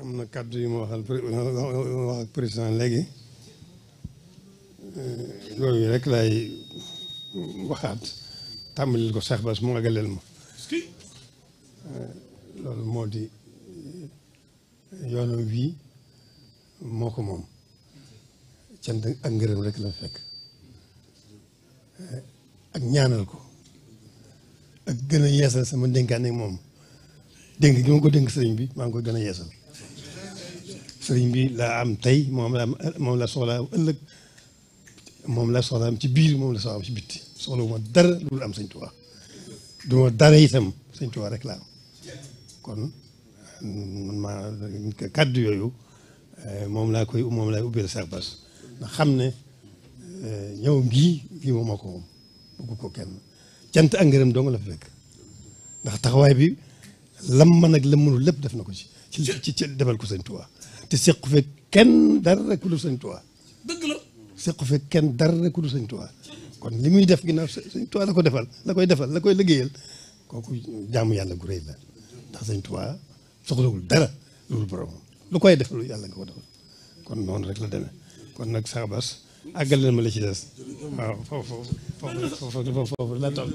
am na kàddu yu ma waxal wax président léegi loolu eh, rek laay waxaat tàmbalil ko Cheikh Bass mu àggaleel ma eh, loolu moo di eh, yoonu wii moo ko moom cant ak ngërëm rekk la fekk ak ñaanal ko ak gën a yeesal sama dénkaane moom dénk gi ma ko dénk sëriñ bi maa ngi ko gën a sëriñ bi laa am tey moom la moom la soxla ëllëg moom la soxla am ci biir moom la soxla am ci bitti soxla wu ma dara loolu am sëñ Tuubaa du ma dara rek laa am kon eh, moom laa koy moom laay ubbeel sa bas ndax xam ne eh, ñëw gii gii moom ko moom bëggu ko kenn cant ak ngërëm dong la fi fekk ndax taxawaay bi lam man ak lam mënul lépp def na ko ci ci ci defal ko sëñ Tuubaa te sequ fekk kenn dara ku dul sëñ Tuubaa dëgg la sequ kenn dara ku dul sëñ kon li muy def ginnaaw sëñ Tuubaa la ko defal la koy defal la koy liggéeyal kooku jaamu yàlla gu rëy la ndax sëñ Tuubaa soxlawul dara loolu borom lu koy defal yàlla nga ko defal kon noonu rek la demee kon nag sax bas àggal leen ma la ci des waaw foofu foofu foofu foofu la toll